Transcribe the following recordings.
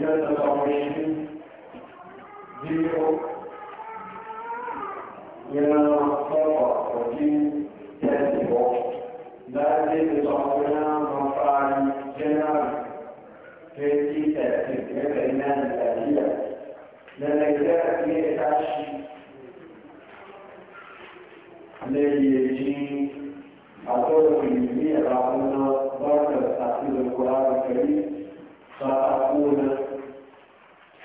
جلد العريشين ديرو ينا صفا وجين تنبو لا يجب صفنا مفعل جنر في تأثير لبعنان الآلية لما يجب أن يتعشي الذي يجي أقول في المئة ربنا بركة تحصيل القرآن الكريم ستكون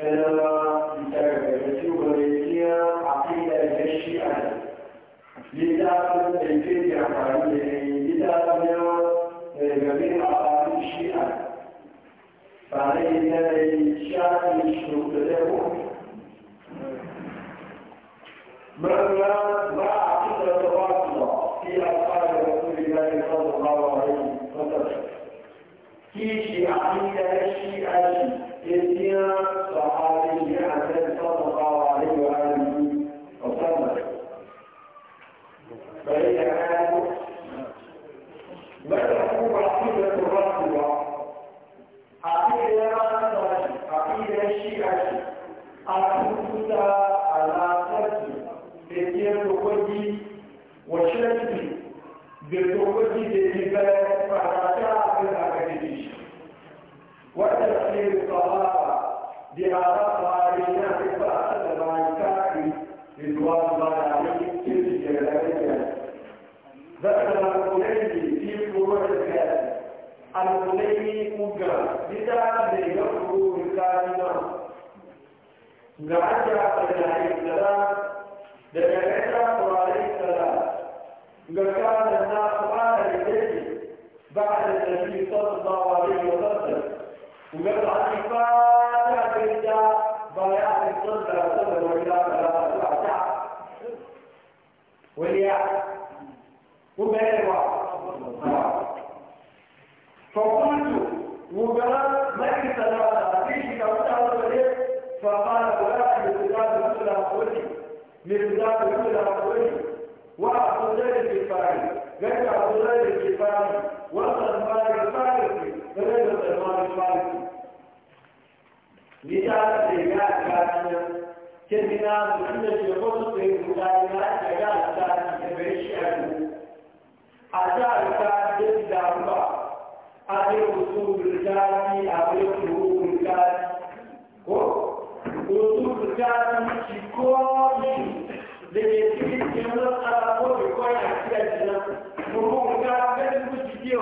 فلما انتهت وليتيا عقيدة الشيعة لذا الفيديا قريبا لذا جميع أقارب الشيعة فعليه الشيعة الشروط له مرة ما عقيدة الرافضة في أفعال رسول الله صلى الله عليه وسلم في شيعة الشيعة الشيعة فليس كذلك ماذا تكون عقيدة الرافضة عقيدة عقيدة الشيعة أعتقد على ترك بيتين الوجه وشركه بالتوجه للبلد فلا تعرف الأكاديمية وتسليم الصحابة بأعراض علينا في بعض الروايات رضوان الله ذكر الخليلي في فروع الكافي الخليلي أجا بدعا ليخرج الكافي جعلت عليه السلام لجعلت عليه السلام وكان الناس على يديه بعد النبي صلى الله عليه وسلم وقد عرفات بدا بيان صلى الله عليه وسلم وإلى ثلاثة وليعلم وبالوا فقلت وقال ما كنت لا فيش كوتا ولا فقال ولا مقدار كل قولي مقدار كل قولي وعبد الله الكفاري غير عبد الله الكفاري وسلمان الفارسي غير سلمان الفارسي لذلك رجال كان كمنا من الشيخوخ في المدينة رجال كان أجعلك جد الله أبي أصول الجاني أبي قلوب الجاني أصول الجاني شكوي لكي تنظر على قول كوي أحتاجنا مرمو كافر مجديو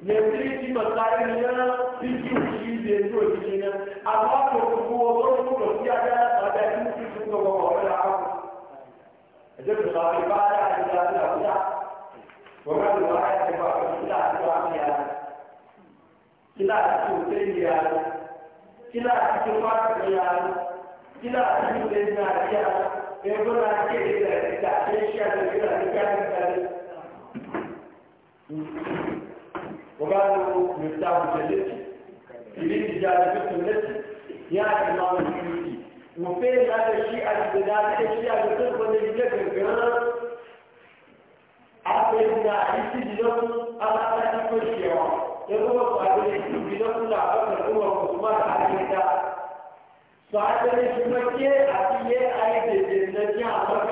Nyẹ̀tí ti bàtàrí náà tí kí o ṣe ìdè tó ìdíje náà. Àwọn akọ̀kọ̀ ọlọ́run kò sí ajá àtàdá tí ó fi fún ọmọ ọ̀rẹ́ àwọn. Ẹ̀jẹ̀ bìtàrí bá dáa ní وما الواحد يبقى كلا أسوأ يا كلا أسوأ يا كلا أسوأ يا كلا أسوأ يا يقول لك إذا تعيش على كلا كلا وقالوا مفتاح الجنة في بيت جالس النت يا إمام الجنة وفين هذا الشيء البلاد الشيء اللي تدخل الجنة apẹ̀lúgba ìsìdìlọ́kùn alábàájú tó ṣe ọ̀ lọ́wọ́ pàdé ìsìdìlọ́kùn làbọ̀tẹ̀ tó wọ̀ kùtù má àyíká. sọ àtẹlẹsùn náà jẹ́ àti yẹ ayé tètè lẹ́jẹ́ àwọn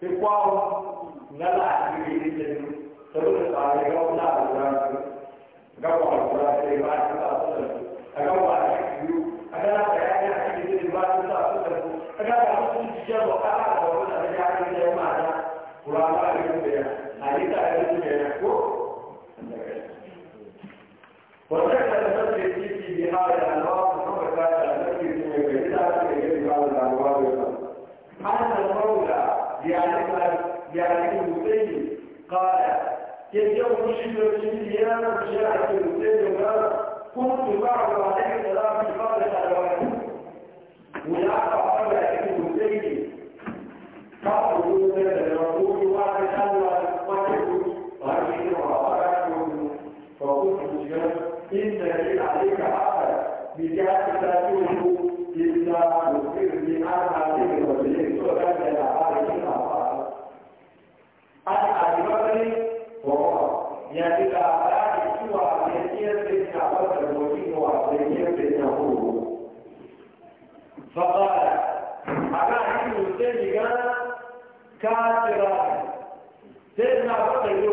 ti kó àwọn nálà àti ìdílé tẹ̀lé tẹ̀lé tẹ̀lé àwọn ẹgbẹ́ ọ̀dọ́ àbúrò àti gbàgbọ́ àbúrò àti ìbáṣe. gece o kişi görsün diye bir şey yapıyoruz. Diyorlar, kurtu bağla استعبد المدين وعطيه بأنه فقال أنا عندي الزيجة كافرا سيدنا بكر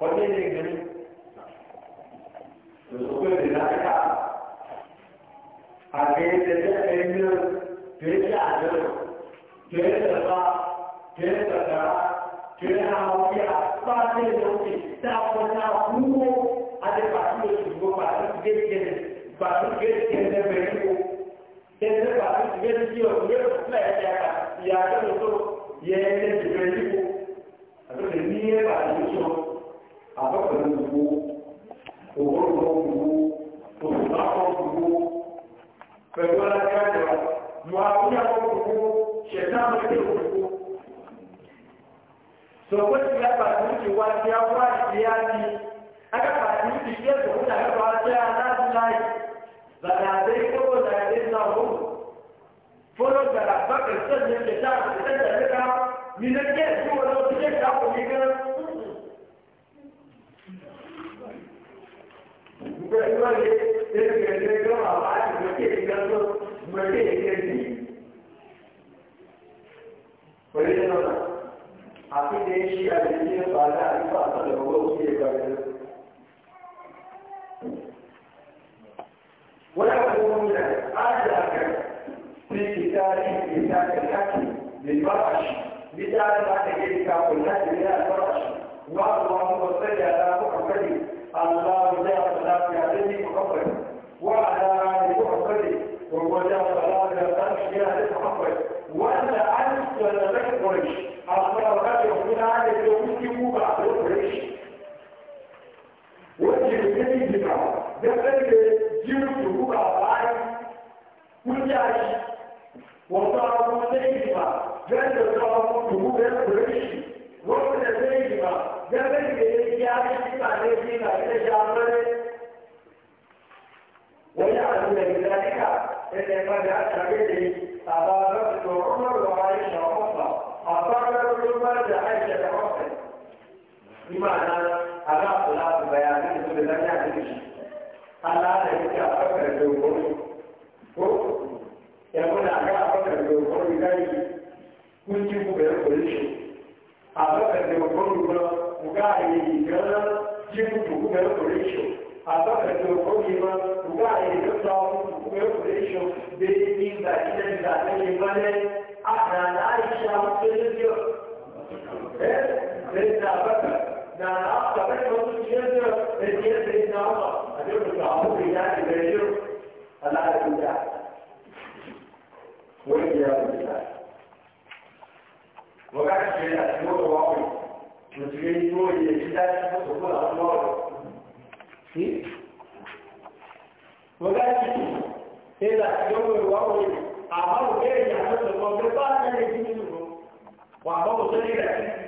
wanne ne gani da su kuma da zaka a ga yadda ta ɗaya nan ta yi a nan ta yi tafa ta yi tafa ta yi hawaii a ba ta yi da wuce ta kwata kuma a da ba su da su ba su gaske ba su gaske da bai ko ta ba su gaske da bai ko ya ta ya ta mutu ya yi da bai ko a da ni ya ba da wuce àbọ̀pẹ̀lú gbogbo òwúrọ̀ gbogbo òṣùpápọ̀ gbogbo pẹ̀lú alájájọ mọ àwúyàwó gbogbo ṣẹ̀dá mẹ́lẹ̀ gbogbo sọ̀pẹ́ ti àpàtì ti wá sí àwọn àti àti akápàtì ti jẹ́ ìgbòkúta ẹ̀rọ ajé aláàbíláì zàdàdé kóró zàdàdé náwó fọlọ́ gbàdà bá kẹsẹ̀ ní ẹ̀ṣẹ̀ dáàbò ẹ̀ṣẹ̀ tẹ̀lé ká nílé kẹ́ẹ̀sì wọn lọ sí ẹ̀ṣẹ̀ àpòmí gan 这个也这个这个老板，我这个说，我这个你，我这个呢，啊，今天西安人民法院一办的我这个人，我要说呢，安家人，比其他人比他更开心，比他开心，比他那个人家更开心，比他开心，我我我这。وأنا أنت لك قريش أصبر الغد يخبرنا عن الجوزي وبعد قريش وأنت لدي جمع ده قد جمعت وبعد عين وجاش وطار مسيجمع جاءت الطرف وبعد قريش وانا مسيجمع ده قد جاش عليه فينا إلى جامعه ويعلم ذلك إلا ما جاءت عليه بمعنى أغاق الله ببيانات بلدنيا تنشي الله لا يمكن أفكر بالقرآن يقول أغاق أفكر بالقرآن ذلك كنت مبير كل شيء أفكر بالقرآن مقاعد يجرنا جبت مبير كل شيء أفكر بالقرآن مقاعد يجرنا مبير كل شيء بإذن ذلك ذلك ذلك أحنا عائشة مصير لذا أفكر na hafta bai wasu ciyar da ciyar da yin nawa a jirgin da abu da ya ke gare yau al'adun da wani ya fi da wakana ce yana cikin wata wakon musulmi yi wani da shi dace masa kuma a kuma wakon wakana ce yana cikin wata wakon amma wakana ya fi da kuma bai ba a kan yankin yin wa ba mu sani da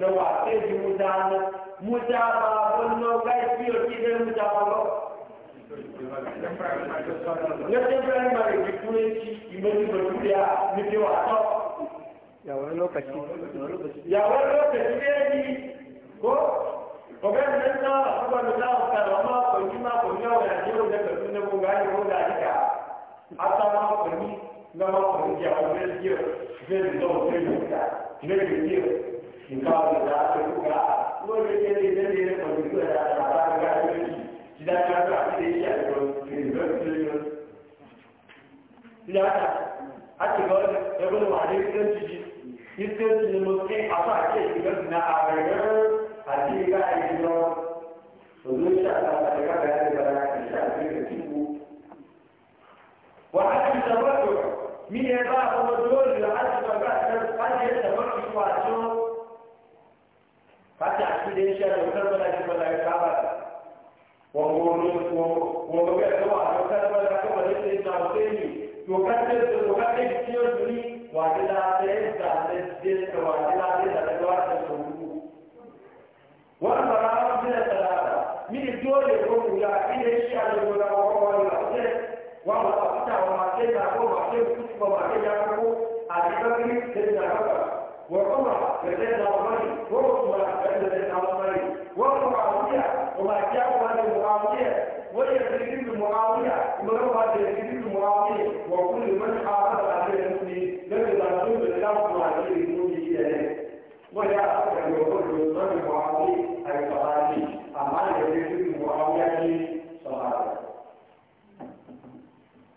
na wafe ji mutane mutaba wannan kai fiye ki zai mutaba ba na tafiyan mara ki turanci imani baturiya nufi Ya yawon lokaci yawon lokaci ne ji ko ọgbẹ́ni ní ká ọgbà mi náà kàrọ̀ ọmọ akọ̀yí máa kò ní ọ̀rẹ́ àti ìròyìn ẹgbẹ̀rún ní gbogbo ayé ó dà níkà àtàwọn akọ̀yí náà wọ́n kọ̀yí jẹ́ àwọn ẹgbẹ́ díẹ̀ bẹ́ẹ̀ lọ́wọ́ bẹ́ẹ̀ lọ́wọ́ bẹ́ẹ̀ lọ́wọ́ شكاوي ذات كوكا ولا يدري يدري يقول يقول هذا هذا هذا إذا كان في شيء يقول لا حتى يقول يقول وعليك تنتجي يستنتج المسكين حصل شيء يقول نا أبغى هذه قاعدة يقول وذو شاء الله تلقى بهذه البلاغة إن شاء الله وعدم التبرع من يباع ومدلول لعدم التبرع ان يتبرع شوى شوى hata akideisha kutazama kibala kabla wa muumini wa mbele kwa kutazama kama lile za usemi wakati wakati kio tuli wadela tesa tesa wadela tesa kwa sababu wa mara bila wani mimi dole kwa ya ideisha ndio na wao wao watafuta wa matendo kwa matendo kwa matendo yako atakiri tena kwa wakoma tena wa mali wao 我买物业，我买江湾的物业，我也可以居住物业，你们都买的是居住物业，我给你们查出来这些，你们当初就查出来的目的也，我也想以后就是说的物业还便宜，啊买的是居住物业的少一点，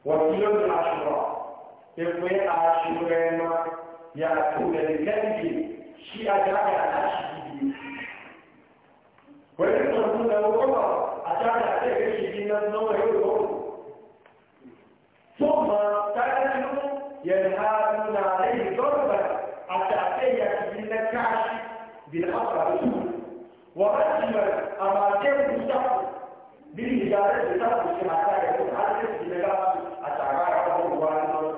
我今天就拿出了，因为拿出了，那么，要做的就是，先要了解。ينهارون عليه ضربا التعطية بالنكاش بالأطرة ورجما أماكن مستقبل بالإجارة بطرف يكون تتحدث بنقاط التعبار والوالد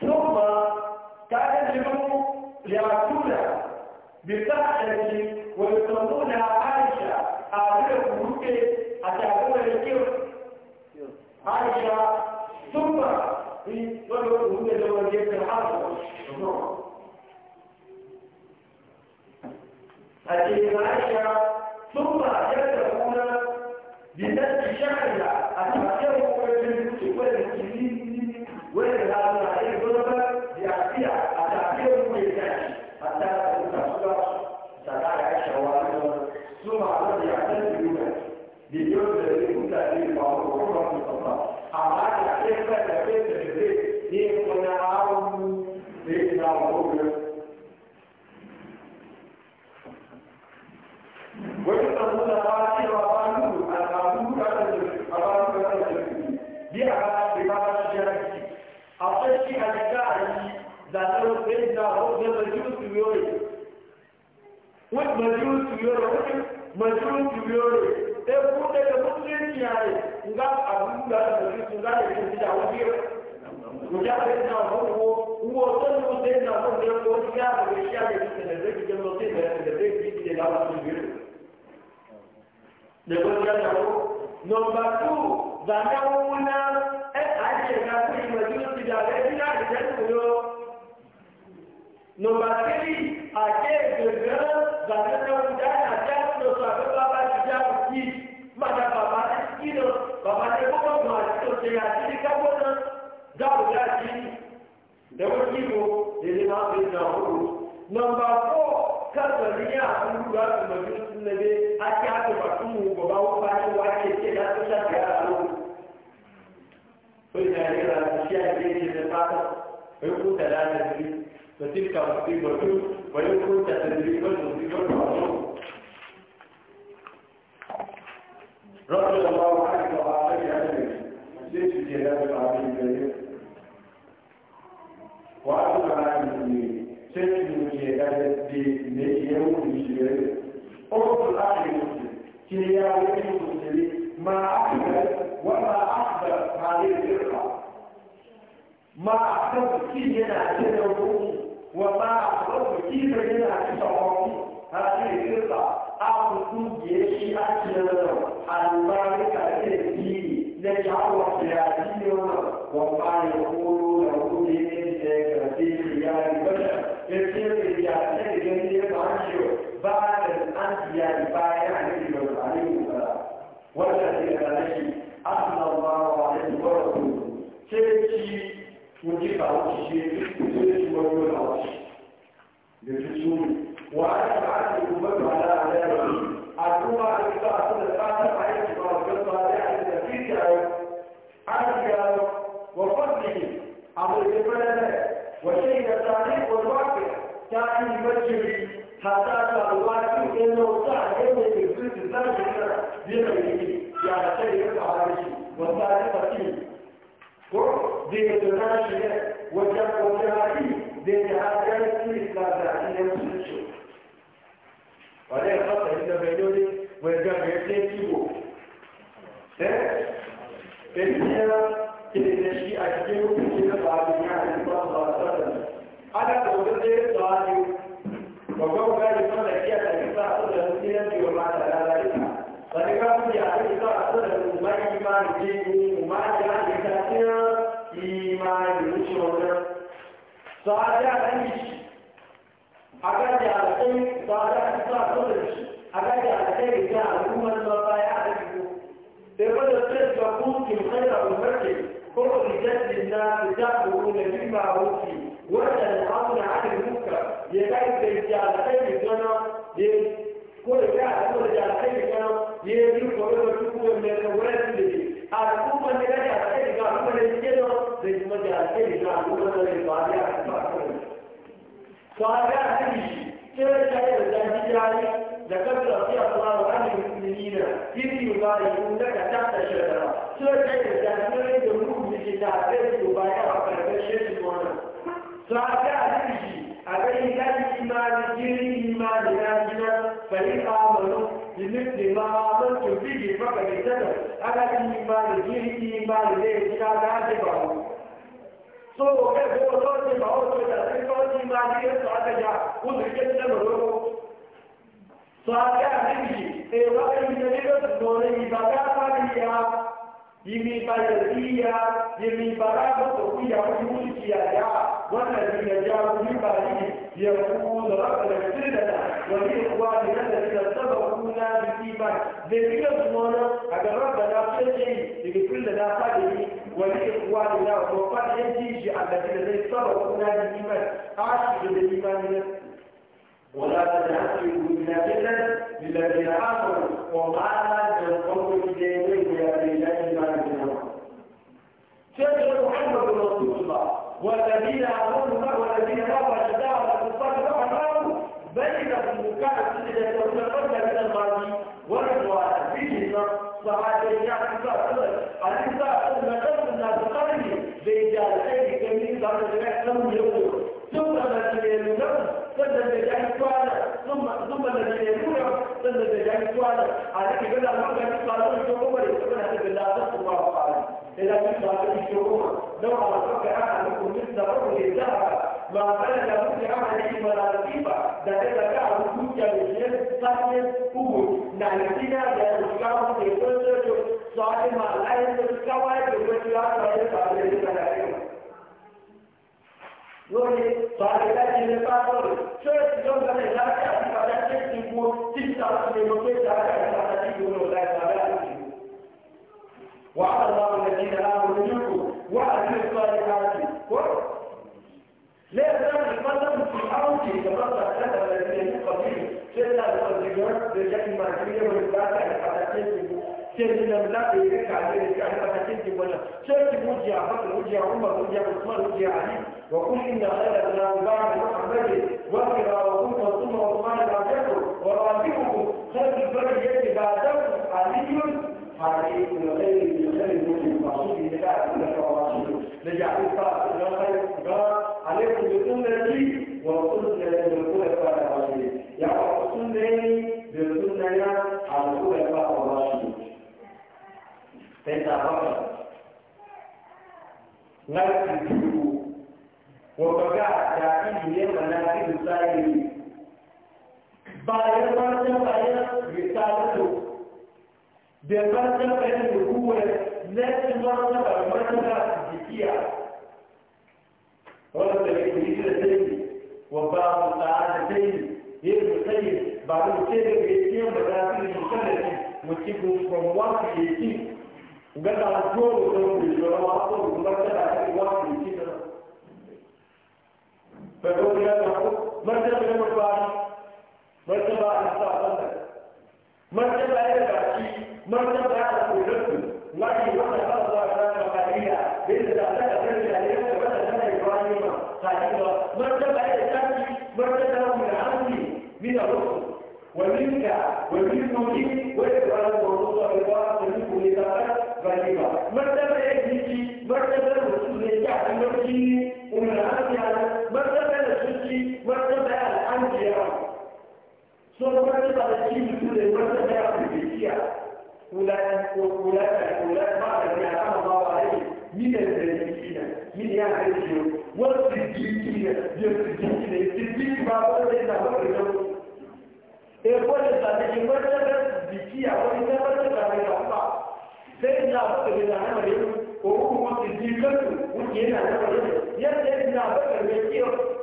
ثم كان الجنوب ليأكل بالسحرة ويسمونها عائشة أعرف ممكن أتعبون الكيف عائشة الصورة في رجل من الزواجية الحرب والشعور هذه العائشة ثم يدخل بنفس شعرها أن يكون في المسلمين ولا yoro majun ki yoro e ku de ko tin ki ai nga abu da da ki sun da ki da wa ki ku ja de na ho wo wo to no de na ho de ko ya ba ki ya de ki de de ki no de de de ki de la wa ki yoro de ko ja na ho number 2 zanga una e aje na ku majun ki da de ki da de ko yo number مصيبته وإن تدريبا مصيبا عظيما رضي الله عنك وعلي عنك ليش الجهاد العظيم ذلك وعلم عن المسلمين شكل الجهاد الدين يوم الجهاد انظر الأخ المسلم كيان المسلمين ما أحدث وما أحدث هذه الفرقة ما أحدث كي ينعكس دين الناشئة وجهاتي دين هاجاتي لا داعي لمسلسل ولا خطأ إلا بينوني ويجب يتنكبه فإنها إذا شيء أجيب في بعض يعني الله تعالى أنا أقول لك طالب وقوم قال لك أنا كيف أجيب أصلا في نفسي وما تعالى ذلك فلقد يعرف أصلا ما يجب أن يجيب daga wurin da ke a kuma da ya ta ce ga kuma da ke da da kuma da ke da kuma da ke ba ya ba ko to a ga hadi ce da ya da hijira da kabla fi Allah wa ahli muslimina kidi yubayiun laka tahta shajara ce da ya da hijira da ruhu da ke da ke da ba ya ba ka shi ko na to a ga hadi a ga hijira imani jiri imani na jira fa ni amanu يمكن ما من تبيه ما بيتنا أنا إيمان دي إيمان دي شادا دي بعو so ke go to ji ba o to da sai ko ji ma ni ya to aka ja ku da ke da ro so aka ni e wa ni ne ga to ne ba ka ba ni ya yimi ba ya diya yimi ba ka ko ku ya ku ku ji ya ya wannan ni ya ja ku ba ni ya ku da ra da sirda da wani الإيمان ذكر الزمانة أجل ربنا فيه لكل لنا فاده ولإخواننا وقد ينتج الذين ليس سبقونا بالإيمان عاشوا بالإيمان ولا تنهزموا بنا جدا للذين آمنوا وقال من قوم إليه يا بلاد ما بينهم سيدنا محمد رسول الله والذين آمنوا والذين آمنوا شداء والكفار فأمروا بينهم وكانت عليك يقول الله ما كان يقال له شو عمر يقول هذا بالله صلى الله عليه إذا كنت على شو عمر لو على فكرة أحدكم مثل رجل الذهب ما بلغ مثل عمله ولا نصيبه ده إذا كان الحجة بالجهل صحيح قوة نعلمنا بأن الإسلام يقول صاحب ما لا يستطيع كواكب ولا يستطيع عليه lórí sọ̀rọ̀ ìlú pàtàkì ṣọ́ọ̀tì tó ń bẹ̀rẹ̀ láti àti pàtàkì ìgbò tí ìtàkùn lè lókè ìtàkùn àti pàtàkì ìgbò lọ láì sàrẹ́ àti وعلى الله الذين آمنوا منكم وعملوا الصالحات لا يزال القدم في حوض يتبقى السبب الذي يليق به سيدنا الرجال بجانب ما كبير من الفاتح حتى تنسوا تجد لا يرجع عليك يعني أنا بتجد ولا شرط وجه أحمد وجه عمر وجه عثمان وجه علي وقل إن خير الناس بعد محمد وقرا وقلت ثم عثمان بعدكم وراتبكم خير البرية بعدكم علي علي وغير من خير المسلم مقصود إذا كان كلك ورسوله نجعل الطاعة إلى خير الكبار عليكم بسنتي وقلنا لكم الخلفاء الراشدين يا رب سيدنا بكر نفسي فيه وبقى تعيش يوم لكن سائل باير باير باير رسالته بيبقى باير الهوة لكن مرتبة مرتبة جدية ورد الإنجليزي الثاني وبعض الساعات الثاني يبقى سيد بعد كده بيتم بتاعتين مختلفة وتجيبوا from 1 to 18 قال جول جول جول واصل مرتبة واحد كده فقول يا رب مرتبة المفاعل مرتبة الصعبة مرتبة الباقي مرتبة على الرب لكن واحد الله تعالى قليلا بإذن الله ترجع إليه ولا تنسى إبراهيم قليلا مرتبة الثاني مرتبة من عمي من الرسل ومنك ومن نبي وإبراهيم sono quelli palestini sulle queste terre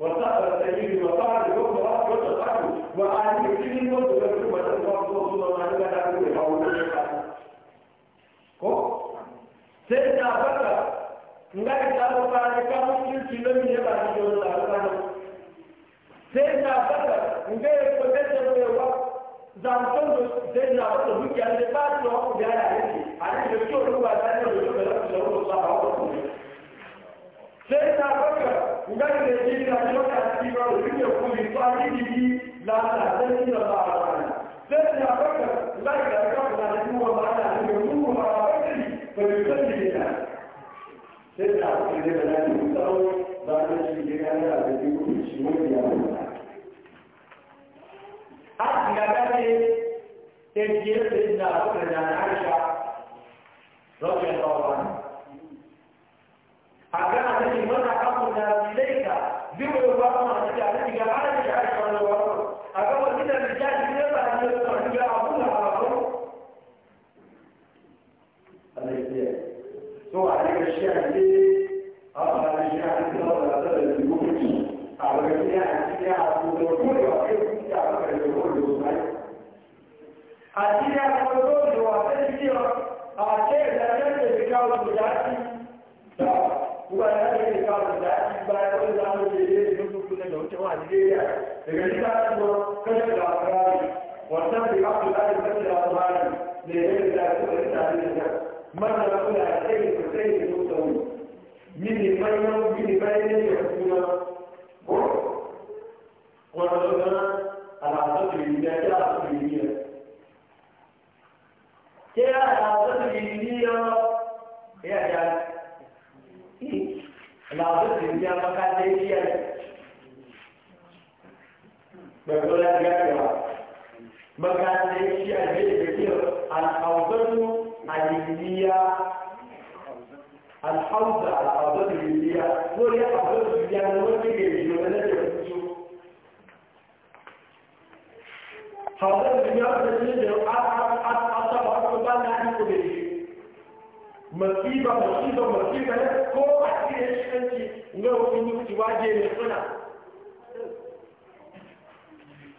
وسافر سيدي وصار اليوم راح يتطلع وعاد يكتب نوت ويكتب مثلا فرض الله ما لا تعرف هو ko sai ta baka nga ta baka ne ka mutum kilo ne ba ni don ta baka sai ta baka nga ko da ta ne wa zan ton do sai na ba to ki an ba to ko ya ya ne a ne ko ba ta ne ko da ta ko ba ta ko sai ta baka ngai da ji da mota ci ba ruke ku ni fa ni ni la ta sai da ba sai ta baka ngai na ni mu ba da ni mu ba ba ni ba ni ka ni da sai ta ku ne da ni ta ba da shi na ku na Aisha رضي agora a gente manda a capa da direita, viu eu faço uma direita لكن كانت كشف الأسرار وارتد بعض الآية كشف الأسرار لغير ذلك التعليم ماذا نقول على سيد السيد المستوي من بينه من بينه يكون ورزقنا العصر الإنجيل العصر الإنجيل كيف العصر الإنجيل يا جماعة العصر الإنجيل يقول لك يكفر مكان ليش الجيل كثير الحوضة الهندية الحوضة الحوضة الهندية هو ليه حوضة الهندية من وين تيجي من وين حوضة الهندية من وين تيجي masiba masiba masiba ko a cikin shi kanci ga wani mutuwa je ne sana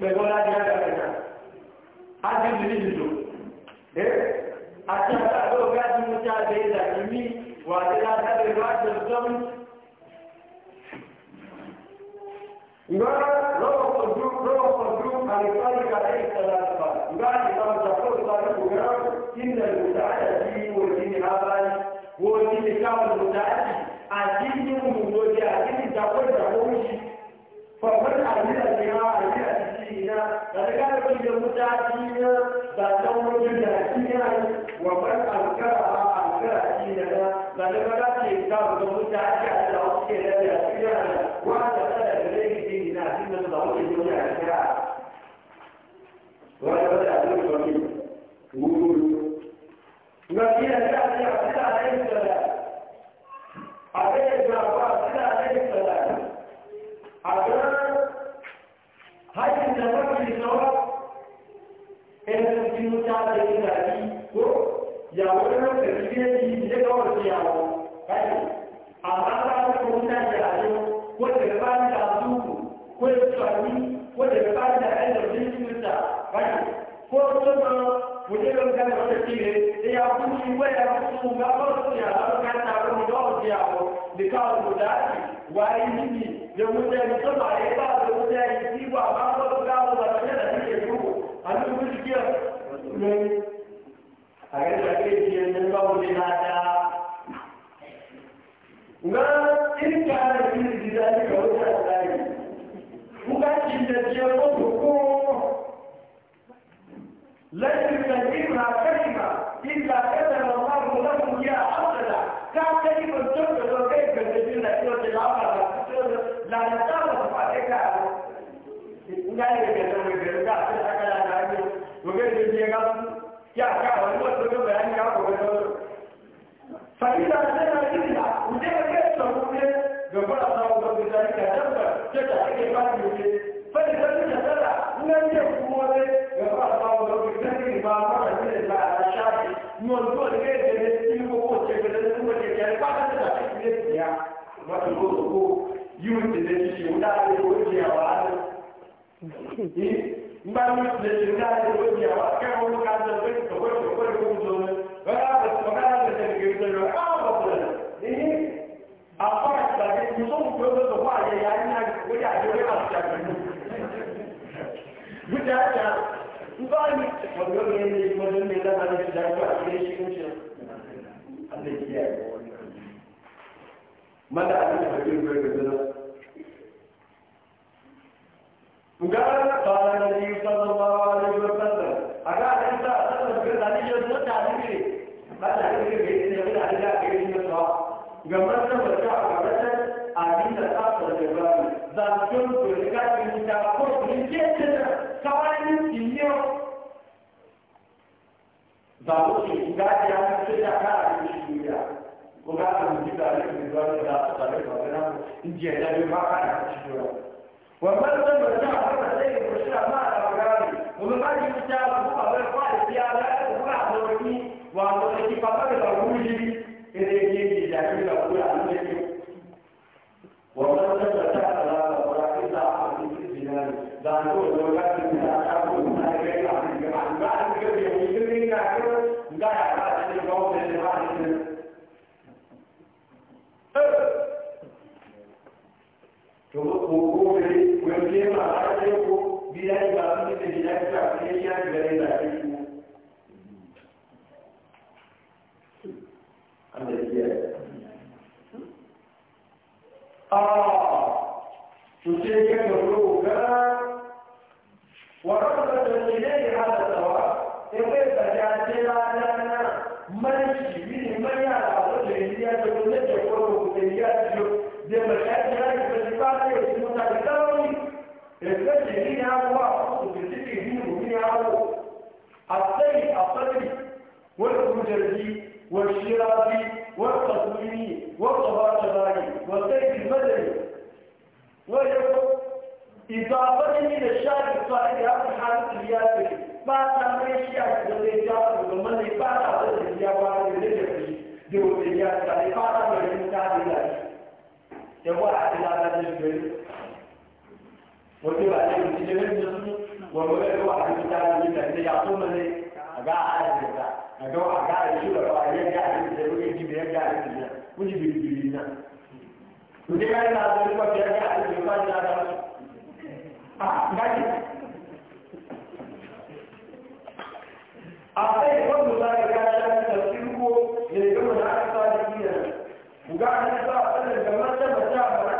pẹ̀lú láti láti àgbẹ̀dá. A ti lè nílò. Ẹ àti àgbàdo ọ̀gá tí mo ṣe àgbẹ̀ ìlà ní mí wà á ti láti àgbẹ̀ ìlú àti ọ̀sọ́mù. Ìgbà lọ́wọ́ kọjú lọ́wọ́ kọjú àlùfáàlù kàdé ìtàlá àgbà. Ìgbà àlùfáà ṣàkóso ìpàdé kò yára kí n lè lò dáadáa sí òjì ní abáyé. Wo ni ìṣàkóso dáadáa àti ìdíwọ̀n wo ni àti ìdàkọ̀dà da daga da bai da mutane na da tsawon da shi wa ni waya musu ga barciya har ka taru mu dawo jiya ko da kawo mu dadi wai ni da mutane to ba ya ba da mutane ki ba ba ko ga mu ba da kike ku an ku kike ne a ga da kike ne ba mu da ta tó tó kó yóò ṣe ń dáre oúnjẹ àwọn àlọ́. Nígbà tó tètè ṣe ń dáre oúnjẹ àwọn akẹ́kọ̀ọ́ ló ká jẹ pé ìtọ́wọ́ ìtọ́wọ́ ìtọ́wọ́ ìtọ́wọ́ ìtọ́wọ́ ìtọ́wọ́ ìtọ́wọ́ ìtọ́wọ́ Àwọn àgbàdé ti tó ń gbọ́dọ̀ tó wà yẹ ya ní àgbóyè àjọyé àti àgbàdé. Gbúdá àjà ń bá ní ọ̀dọ́ mi ní ìmọ̀lẹ́ mi lábàá ní ìdájọ́ àti ẹ̀ṣin ń ṣe. Àlejò yẹn. Mana ada yang berdiri berdiri Bukan bahan dari Yusuf Allah Ali berpandang. Agar ada kita ada berpikir tadi jadi tuh jadi ni. Mana ada yang berdiri jadi ada yang berdiri jadi tuh. Gambar tuh baca apa baca ada yang tetap berjalan. Dan tuh berikan kita pun berikan kita kawan ini dia. Zaman kita enggak kuma a rubuci da alaƙa da zuwa da zaɓa da alaƙa da a da shi dora wannan zan ba ta haka sai ya kushi da ta kuma kwa da siya da aka kuma a zauraki wa a da ya ke da shi da kuma a zauraki wannan zan ba ta to ko ko ne ko ne ma har sai الإسلام الذين عملوا بعض وبالذي يهين ومين يعملوا السيد الصدري والمجردي والشرابي والقزويني والطباطباني والسيد المدني ويقول إضافة إلى الشعب الصالح هذا الحالة الرياسي ما تعمل شيء عن الرجال ومن يفعل هذا الرجال وعلى الرجال دول الرجال يعني فعلا من المتعب الله يقول عبد الله wato ba ne mutum ya rinsa su wanda wani ba a cikin tarihi da ita ya tsoma ne a ga a yi da a ga a ga yi shugaba a yi yadda a yi da yadda a yi da yadda a yi da kun ji biribiri na ku je kai na zai kwa biyar ga a yi da yadda a yi da yadda a yi a gaji a sai ko mu ta ga ga ta ta cikin ko ne ga mu na ka ta ji ne ku ga ne ta ta ga ma ta ba ta ba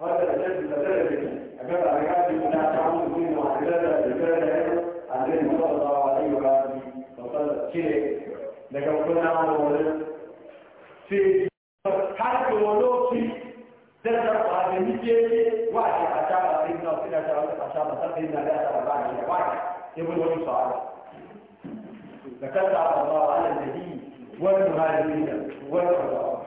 هذا الشيء الذي أجاب على هذه الناس عن الدين وعبادة الرسالة عن صلى الله عليه وآله وسلم شيء لكن كنا نقول في حتى ولو في ذكر هذه المجيء واحد أشار سيدنا وسيدنا أشار أشار سيدنا لا أشار واحد واحد يقول له صعب لكن الله على النبي والمهاجرين والأنصار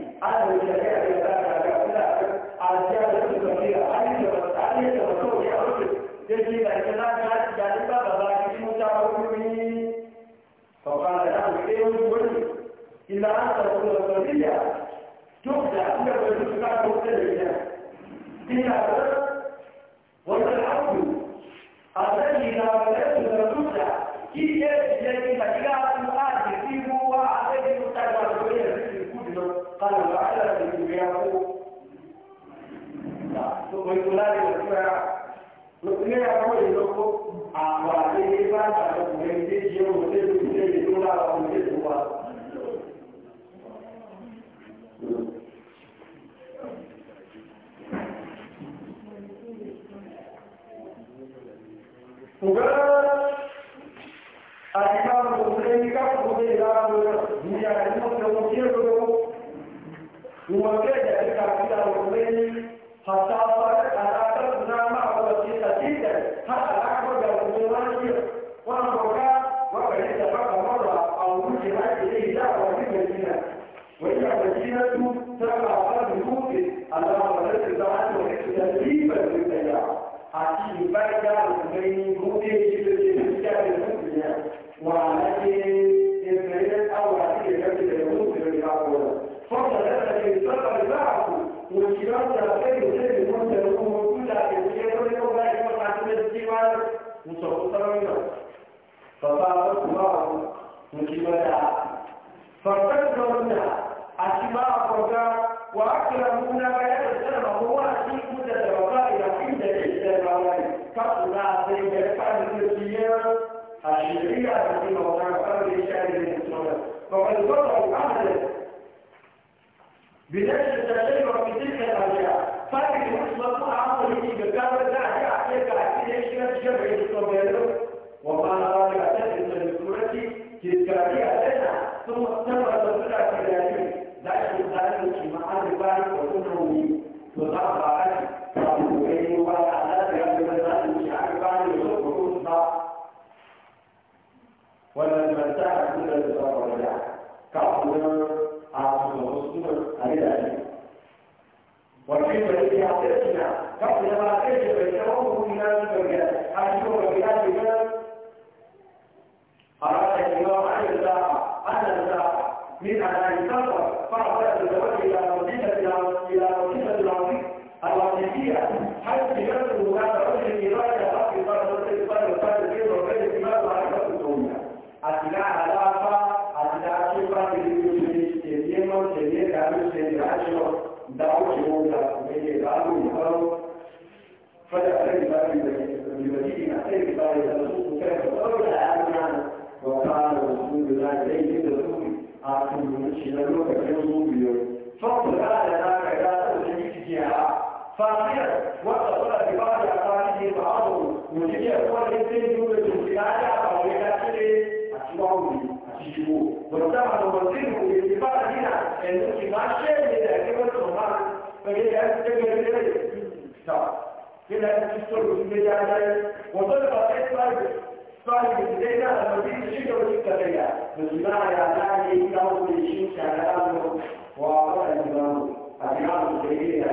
أنا الشريعة لا تقول أشياء كثيرة أي أي تقول يا رجل تجي لكنا كانت جالبة بلاقي متعاونين فقال له إيه الولي إلا أن تقول الصديقة تخدع أنك وتسمع مختلفة إلا وتلعب هذا àgbà tí bá gbàgbọ́ kò lè dé ṣe ó lè lè lè lè tó lára kò lè tó wa. Ṣùgbọ́n àyíká kò lè ní káàkó lè lára lọ ní àti kàkúta kò باب بمدينة خير باب الرسول كيف قول أمنا وقال رسول الله ليس الرسول أعطي من شلوك يوم فقل هذا ما كذا تجيها فاخر وقال ببعض أقاربه بعضه مجيء أقوال الإنسان يوم الجمعة أو يكاتبه أسمعوني أسمعوني وتعمل وزيره بالاتفاق هنا أنه ما شيء من أكبر الصمام فكذا يستمر إليه كده والمسلمين عليه وطلب الحكمة صاحب الزينة المدينة الشيكة والشيكة مجمع يعتني له بالشيك على أمره وعطاء الإمام الإمام الزيني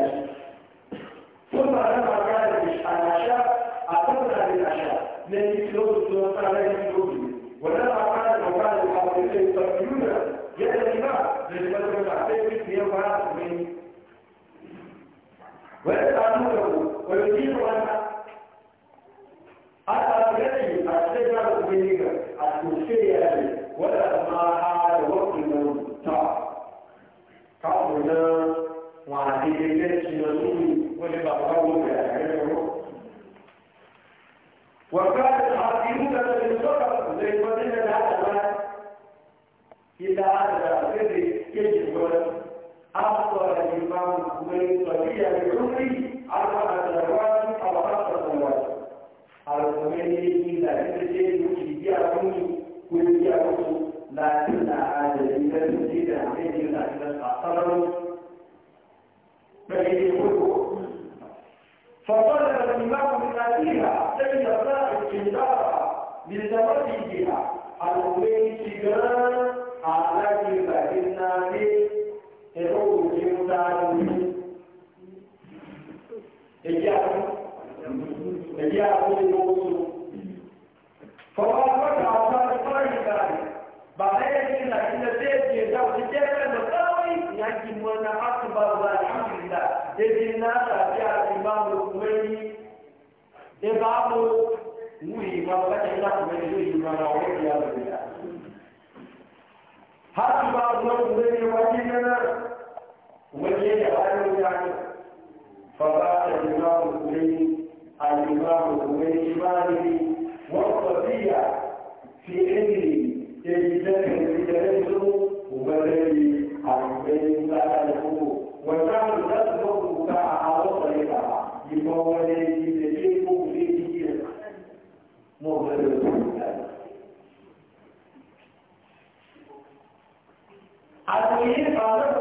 ثم لما كان العشاء أعطتنا للعشاء من يكلوب السلطان عليه الكلوب ولما كان المكان الحقيقي يستقبلون يد الإمام للمدرسة العسكرية في يوم من ويسألونه ويجيب عنها هذا الذي الشجر بينك الكرسي ولا ما هذا وقت المنطقة قبلنا وعدي الناس نزول ولبقوا بأعينه وكان الحاكمون من صدق زي ما قلنا هذا المال إذا هذا الذي يجب أفضل الإمام من طبيعة عمري أربعة سنوات ومن يجي لا تجد يجي أمي ويجي أبوه لا تنع هذا إذا تجد عليه لا تنع صبر فإذا يقول فطلب الإمام من أبيها سيد الرائد جندارها بزواجها الأولين سجران على جبهتنا به يروج مدعوه إجابة تبيع كل موضوع فقال لك عطاء القرآن الثاني بعدين كنا كنا تيجي لو تجيب المساوي يجي من أكبر والحمد لله إذا الناس أتى الإمام الخميني إبعاده وهي ما بدأ لك من جوه ما نعود يا رب هل بعض الخميني وجدنا وجدنا هذا يعني فقال الإمام الخميني الإمام الخميني مالي وصفية في علمه تجدته بجلده وبدل الخميني لا تلفه وجعل تسبق بتاع وصلها يمولي تجيب فيه مغلق المهم قال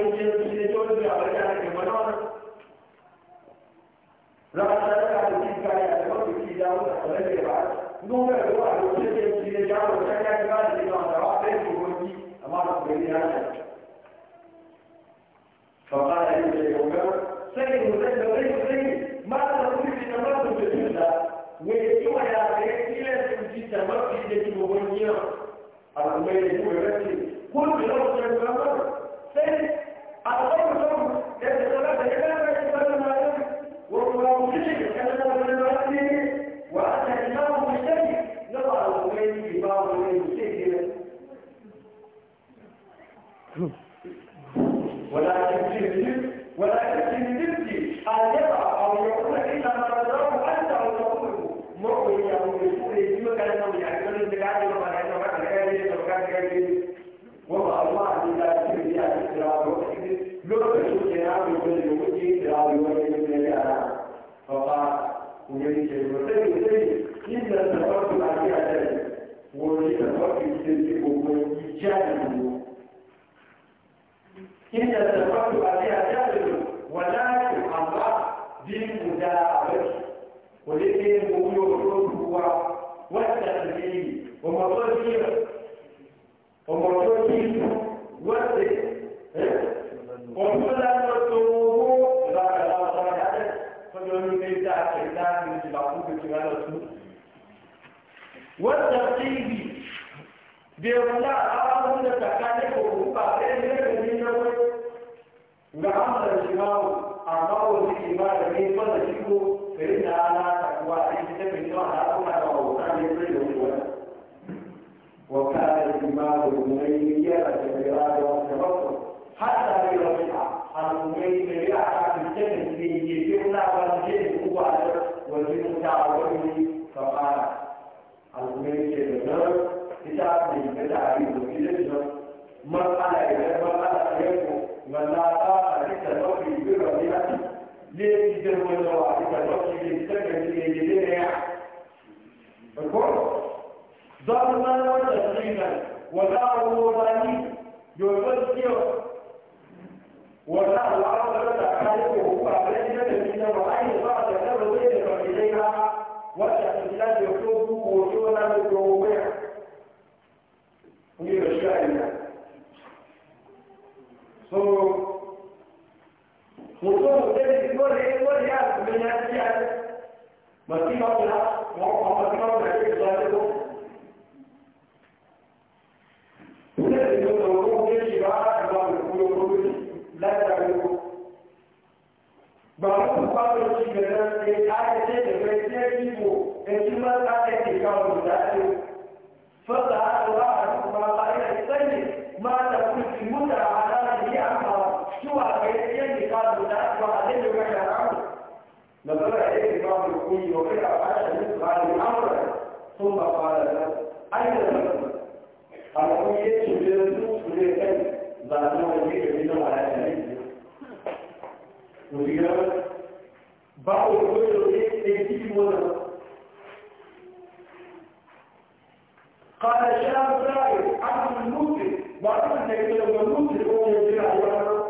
يجب أن يكون بأولاد المنون لقد سألت عن تلك الأسباب في داود الثلاثة بعد نوبة هو أن يجب أن يجعل وشكا كبار لما ترى بيت وجودي أمام بني هذا فقال ابن عمر سيد مسجد غير سيد ما تقول في تمرد بالجنة ويجوع يا أخي إلى تمشي تمرد بالجنة الأمير يقول كل لو تمرد سيد al'ummai da ya a kan cikin da ke ke kuna ba ke da kuwa da wajen ta a wani kamara al'ummai ke da nan ita da ke da abin da ke da nan matsala ya yi matsala ya yi ko wanda ta a rika ɗauki biyu da ya ci laifi da wanda wa a rika ɗauki da ita da ke da ya ko don nan wanda su yi nan wanda a wani yau zan ciyo ولا الله لك عليه هو الذي تجد وأي بعد تبذير إليها والإنسان يطلب وصولا للجموع هي الشاعرة وصول ذلك كل كل من الأشياء مسيرة لها ومسيرة لها ba mu ba mu ci da nan sai aka ce da kai sai ibo da kuma aka ce ga mu da shi fa da Allah kuma ba ya sani ma da kuci muta ala ni amma zuwa ga yanki ka mu da ba da ne ga ya ramu da ba ya yi ba mu kuyi wa kai a shi ne ba ni amra sun ba fara da ayyuka amma kun yi shi da su ne kai ba na wani da ni da wani وزيارة بعض الرجل يجيب ولا قال شاب زائد عن المسلم وعرف النبي لما المسلم هو يجري على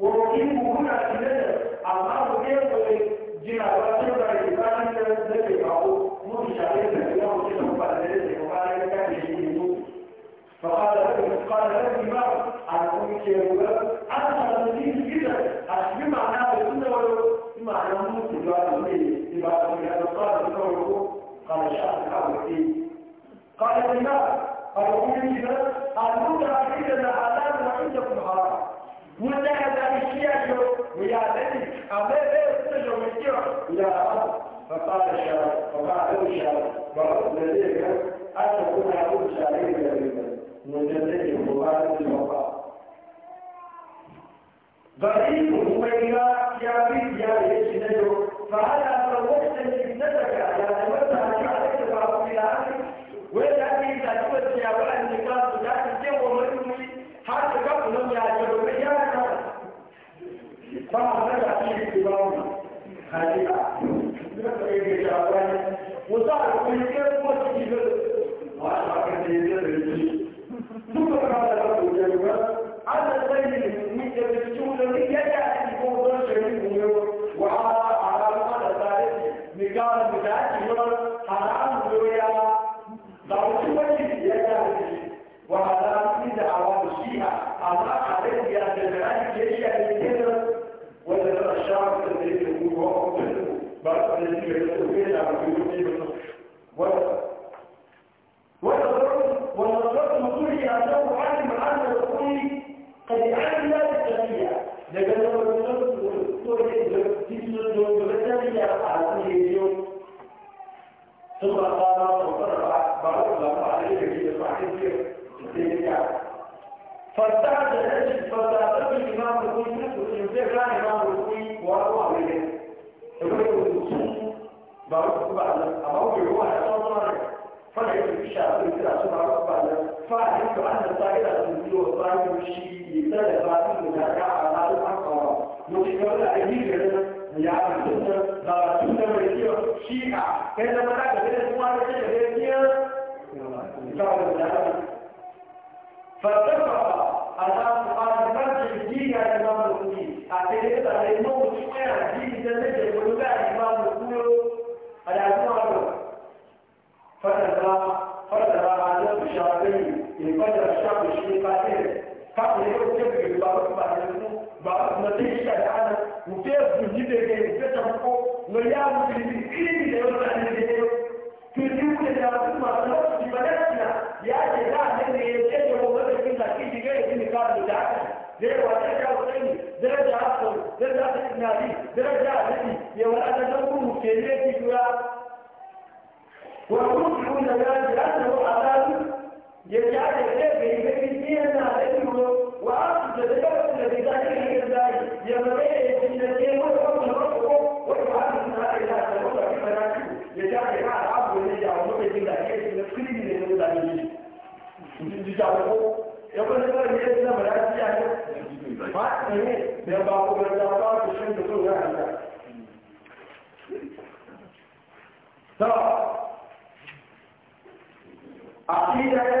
ورقيبه هنا في البلد عمار غير جرى على تقدر يبان النبي او مرجع عليه اليوم كده قال لازم وقال لك كان يجي فقال قال لك ما عن امك يا وجوال فيه لما في هذا القادم قوله قال شاء الحاول فيه قال لما قال يقول لما المدعى عندنا حلال وعندكم حرام والذهب الشيعي ويا ذلك أما لا يستجر الشيعي إلى الأرض فقال الشاعر فقال الشاعر وقد ذلك أن تكون يقول شاعرين جديدا مجدد مبارك الوفاء ضعيف هو إلى يا بيت يا بيت فهذا فوقت جدتك على أنك عليك بعض الآخر ولكن إذا كنت يا وأن نقاط لا تجوى مني حتى قبل يا جرميانا فهذا فيه كلام هذه وصار كل كيف ما تجيب وأنا كنت يجب ثم قام وطرح بعضهم عليه في صاحبه الدنيا فارتعد الاجل فذهب الامام الكوي يمسك الامام الكوي وروى عليه يقول الوصول بعضهم بعد ابوه هو فلا في بالكلا سبع ربنا فأعلمت أن الطائرة تنزيل الطائر الشيء لا يبعث من أرجع على الأقرى مشكلة أجيبنا يعمل سنة دار سنة مريكية شيعة كذا مراجع بين الأسوار الشيعة فارتفع على سؤال المرجع الدين يا إمام المسلمين أعتقد أن haka ne wani kebe gari ba wasu ba da su ba wasu na zai shiga da ana mutu ya su ji daga ya fi ta ko na ya mutu ne ilimi da yau da ne da yau to ji ku da wasu masu wasu ji ba da na ya ce za a nan ne ya ce da wani da kin da kin shiga ya gini ka da haka zai wa ta ja wa sani zai da haka zai da ta inari zai da haka ya wani a ta kuma ke ne ki kura ويقولون لا لأنه عذاب يجعل الكافر في الدين عليهم وعرض الجبل الذي داخله الزاي ينبغي ان يكون ربنا ربه ويعلم لا اله الا الله في مناكبه يجعل مع العبد الذي يعبده الى كيف نفسه من المدعمين يقول لك ان يجعل مناكبه يعني ما تسميه يبقى هو بالضبط وشنو تقول يعني ترى عقيده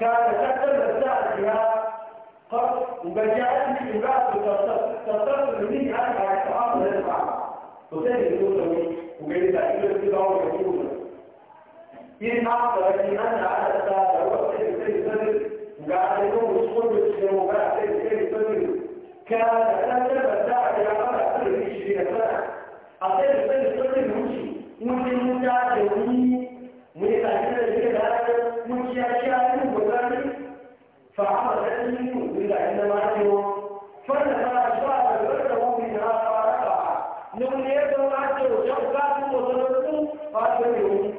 كان تقدم فيها في وجاءتني امرأة تتصل مني عنها اعتراف من البعض وتاني يقول وقال لها إلا في هو يقول إن أعطى لكن أنا على الساعة هو سيد سيد سيد وقال لهم وصول بالسلام وقال سيد سيد سيد كان تقدم ساعة يا قرأ كل شيء أعطيت سيد سيد ومشي ومشي ومشي فعملت منه إلا عندما أتوا فلما أشباب البرده منها فرقع نقول يدعو أتوا شوكات وصلتوا فأتوا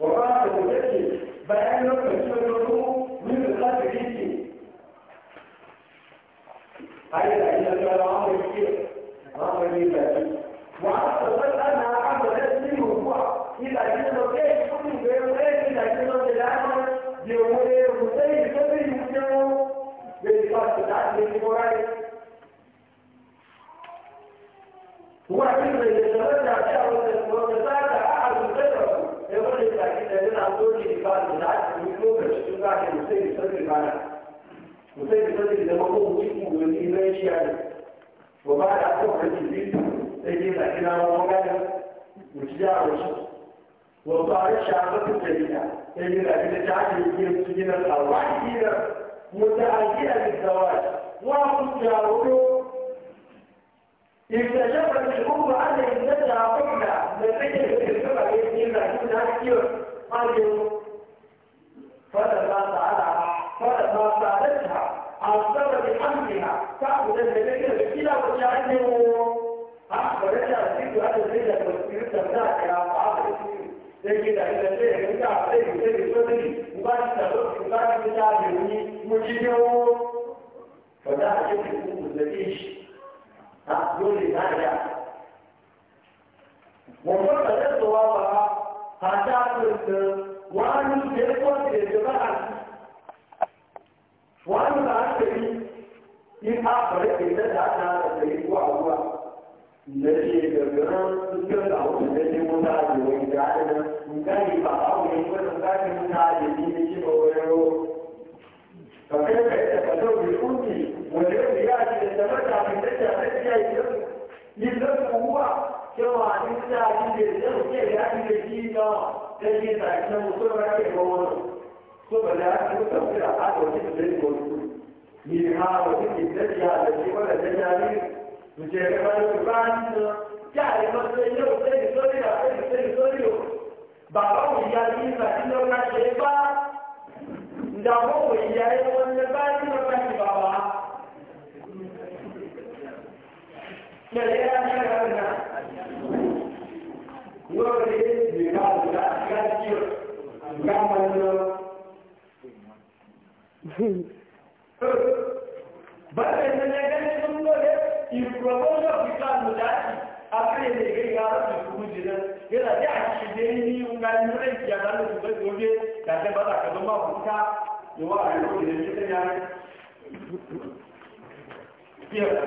وقالت وجدت بأنه يسمعه من القلب جدي أيضا إذا كان عمرو كثير عمرو كثير وعرفت هو عندما يتمنى شعره وتتابع أحد غيره يقول لك إذا كان عندهم لفعل العكس يمكن أن تشتغل في مسير صدر معنا مسير صدر إذا ما هو جسمه والإيمان شعره وبعد أصبح الجديد تجي لكن أنا وقعنا وشجاع وشجاع وصار الشعب الجديدة تجي لكن تعالي يجي سجن الأرواح متعجلة بالزواج وأخذ شعره يكتشف الحكومة أن يمتدها قبلة لفكرة الكفة يمتدها كلها كثير قالوا فلما سألها فلما سألتها عن سبب حملها تعبد الفكرة كلا وتعلمه أخبرتها الفكرة أن الفكرة والسيرة ذاك يا أصحاب لكن إذا الشيء يمتع عليه الشيء الصدري مباشرة الوقت مباشرة تعبيرني مجيبه فلا يمكن أن تزكيش 啊，有理他家。我们本来说把，他家是王永杰过节吃饭，王永杰一他喝的大家都是喝不完，你这是叫什么？叫啥？我准备去问他，你家的，你赶紧把包给我，我准备他，你今天去不回来？我，打开他叫我出去。واليوم ياتي يتمتع بالمتع التي يجب يلزمه هو كما يمتع بالمتع يعني الجيدة تجد أنه صبر يكون صبر لأنه تفكر أحد وجد بالكل منها وجد الدجع التي ولا تجاري مجربة القرآن يعني مثلا يوم تجد صبر أحد تجد صبر bàbá òyìnbá yìí nígbà tí lọ́wọ́ ṣe bá ìdààmú òyìnbá yìí wọ́n lè bá nínú ọ̀gá Yeah.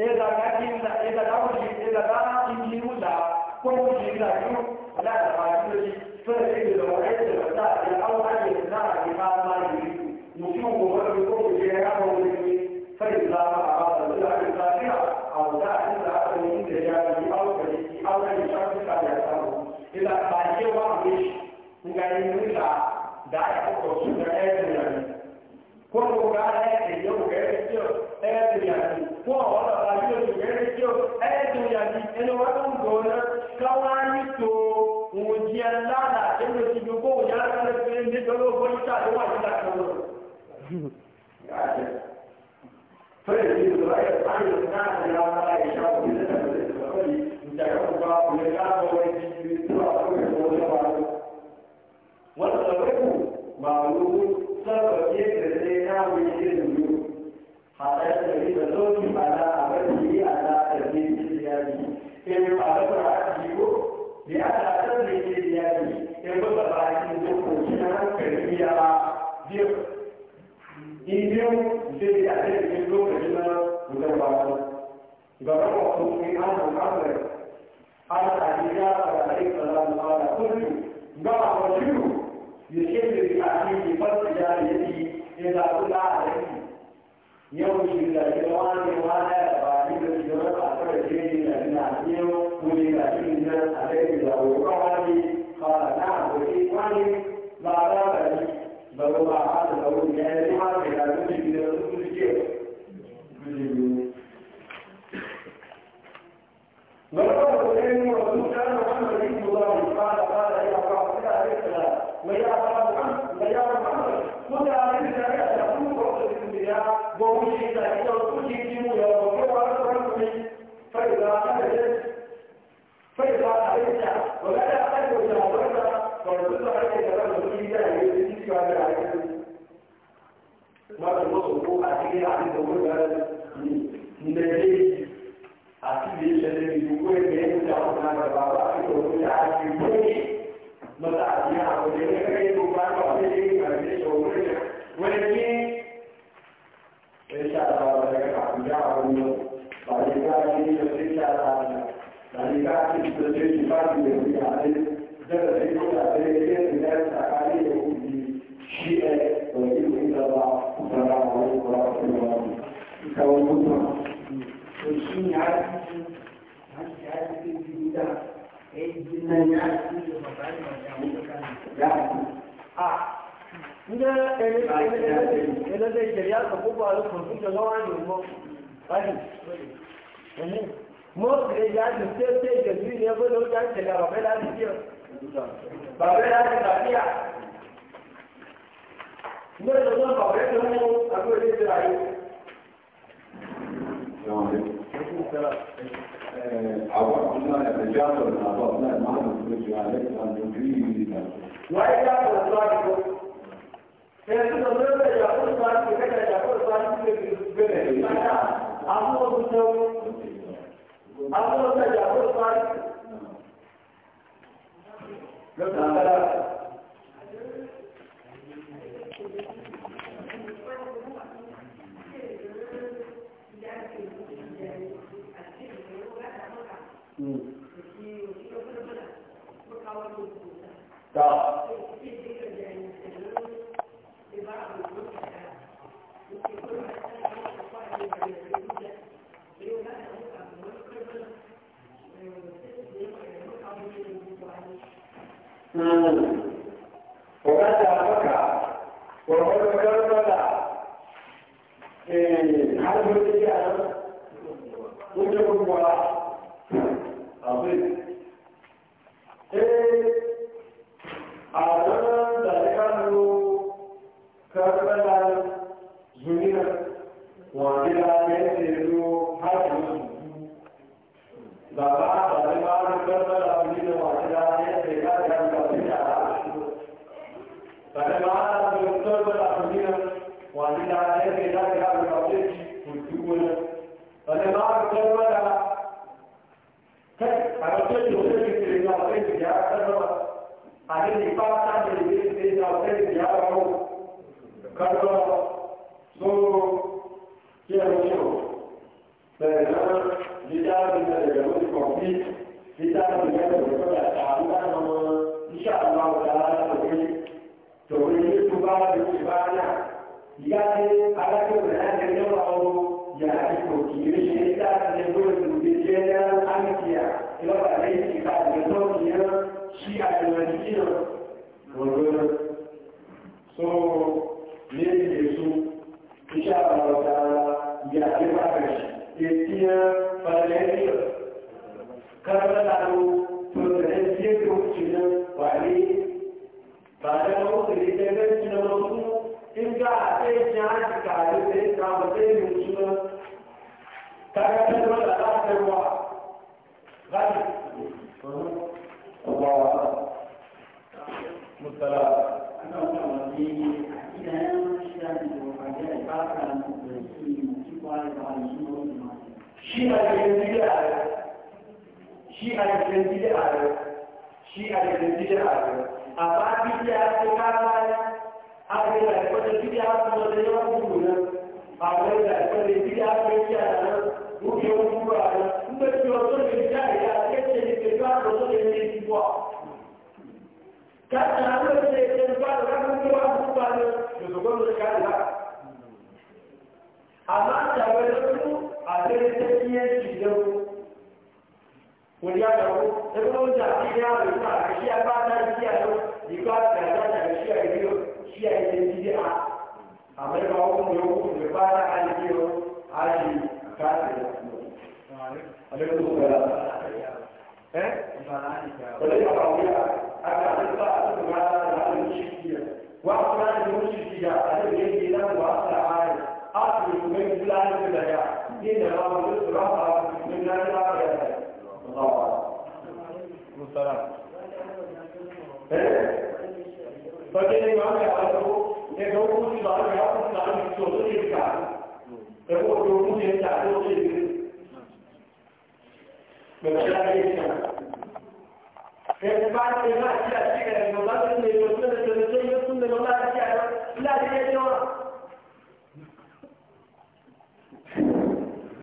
إذا كتمنا إذا نوجد إذا كان يميولا كل شيء لا يمكن لا تفعله فإذا وعدت ba a haɗa da wani ya yi har da lọ́dọ̀ àgbàlagbà. له تنسيك جنا وعليه بعد ما وصل يتجمع جنا مصنوع إن جاء أي جهاز كعادة أي كعبتين مصنوع كعبتين ولا أحد واحد الله أكبر مصطلح أنا أقول لك إذا أنا مش لازم أقول لك بعد أن أقول لك شيء ما يجوز și a yankin bid'a ne shi a yankin bid'a ne amma bid'a ko ka baya la da ya kwata bid'a ko da yawa gudu ne ba wai da kwata bid'a ko ya da ruke gudu a ne kuma shi de ne bid'a ya kace ne ke ba ko da ne shi ba ka ta hannu ne ke ba da ran ko ba ku ba ne to ko ne ka da amma da wani a sai ta iya shi da الى ويجعله يقولون تعطينا ويقع الشيء بعد الشيء يقال كذا الشيء يقول شيء يجدي أما يقوم يقوم يقال على الشيء على كذا عليكم السلام إيه؟ ولكن أقول أكثر أكثر ما لا يمشي وأكثر يمشي على الجيل وأكثر عارف أكثر من فلان فلان إنما هو رفع मुस्तरा पहले ने कहा कि आज वो ये लोग कुछ बात कहा तो नाम चोर से लिखा तो वो लोगों ने चारों से बच्चा नहीं लिखा एक बार के बाद अच्छी अच्छी करेंगे बात नहीं होती है तो ये तो तो तुमने बोला क्या है ला दिया जो